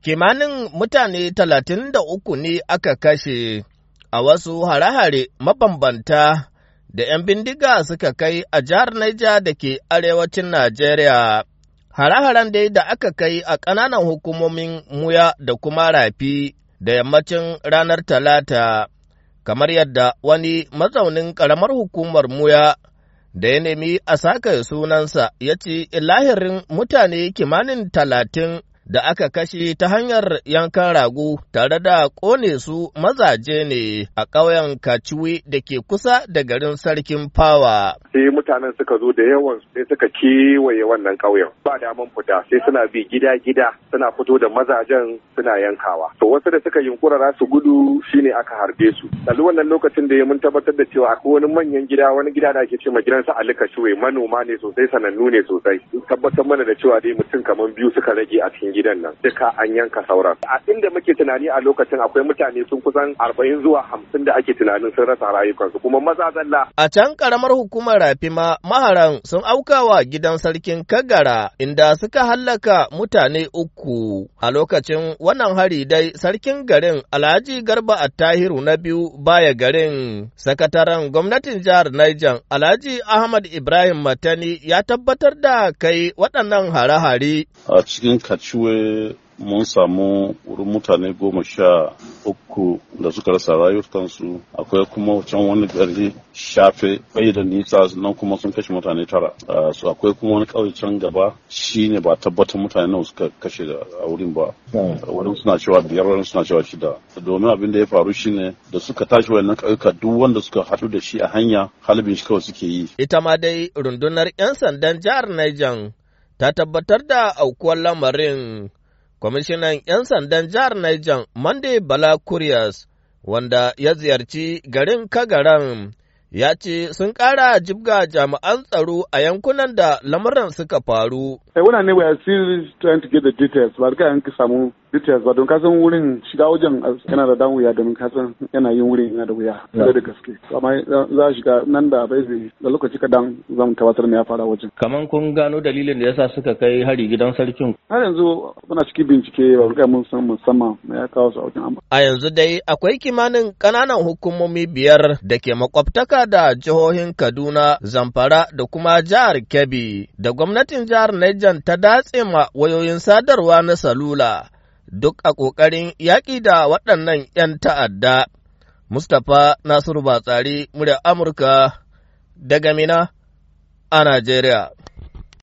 Kimanin mutane talatin da uku ne aka kashe a wasu hare-hare mabambanta da ‘yan bindiga suka kai a jihar Niger da ke arewacin Najeriya. Hare-haren dai da aka kai a ƙananan hukumomin Muya da kuma Rafi da yammacin ranar Talata, kamar yadda wani mazaunin ƙaramar hukumar Muya da ya nemi a saka sunansa ya ce "Ilahirin mutane kimanin talatin da aka kashe ta hanyar yankan rago tare da kone su mazaje ne a ƙauyen kaciwe da ke kusa da garin Sarkin Fawa. Sai mutanen suka zo da yawan sai suka kewaye wannan ƙauyen. Ba daman fita sai suna bi gida-gida suna fito da mazajen suna yankawa. To wasu da suka yunkura za su gudu shine aka harbe su. Dalu wannan lokacin da ya mun tabbatar da cewa akwai wani manyan gida wani gida da ake ce ma gidansa Ali kaciwe manoma ne sosai sanannu ne sosai. Tabbatar mana da cewa dai mutum kamar biyu suka rage a cikin gidan nan duka an yanka sauran a inda muke tunani a lokacin akwai mutane sun kusan arba'in zuwa hamsin da ake tunanin sun rasa rayukansu kuma maza zalla a can karamar hukumar rafi maharan sun aukawa gidan sarkin kagara inda suka hallaka mutane uku a lokacin wannan hari dai sarkin garin alhaji garba attahiru na biyu baya garin sakataren gwamnatin jihar Niger alhaji ahmad ibrahim matani ya tabbatar da kai waɗannan hare-hare a cikin kaciwe akwai mun samu wurin mutane goma sha uku da suka rasa rayukansu akwai kuma wancan wani gari shafe bai da nisa nan kuma sun kashe mutane tara su akwai kuma wani kawai can gaba shi ne ba tabbatar mutane nan suka kashe da a wurin ba wurin suna cewa biyar wurin suna cewa shida domin abin da ya faru shi ne da suka tashi wayannan ƙauyuka duk wanda suka haɗu da shi a hanya halibin shi kawai suke yi ita ma dai rundunar 'yan sandan jihar Niger ta tabbatar da aukuwar lamarin. Kwamishinan ‘yan sandan jihar Niger Monday Bala wanda ya ziyarci garin Kagaran, ya ce sun ƙara jibga jami'an tsaro a yankunan da lamuran suka faru. Hey, details ba don kasan wurin shiga wajen yana da dan wuya domin kasan yana yin wurin yana da wuya da da gaske amma za a shiga nan da bai zai da lokaci kadan za zan tabbatar me ya fara wajen kaman kun gano dalilin da yasa suka kai hari gidan sarkin har yanzu muna cikin bincike ba riga mun san musamman me ya kawo su a wajen a yanzu dai akwai kimanin kananan hukumomi biyar da ke makwabtaka da jihohin Kaduna Zamfara da kuma jihar Kebbi da gwamnatin jihar Niger ta datse ma wayoyin sadarwa na salula duk a ƙoƙarin yaƙi da waɗannan ‘yan ta'adda. Mustapha Nasiru Batsari, murya Amurka, daga Mina a Najeriya.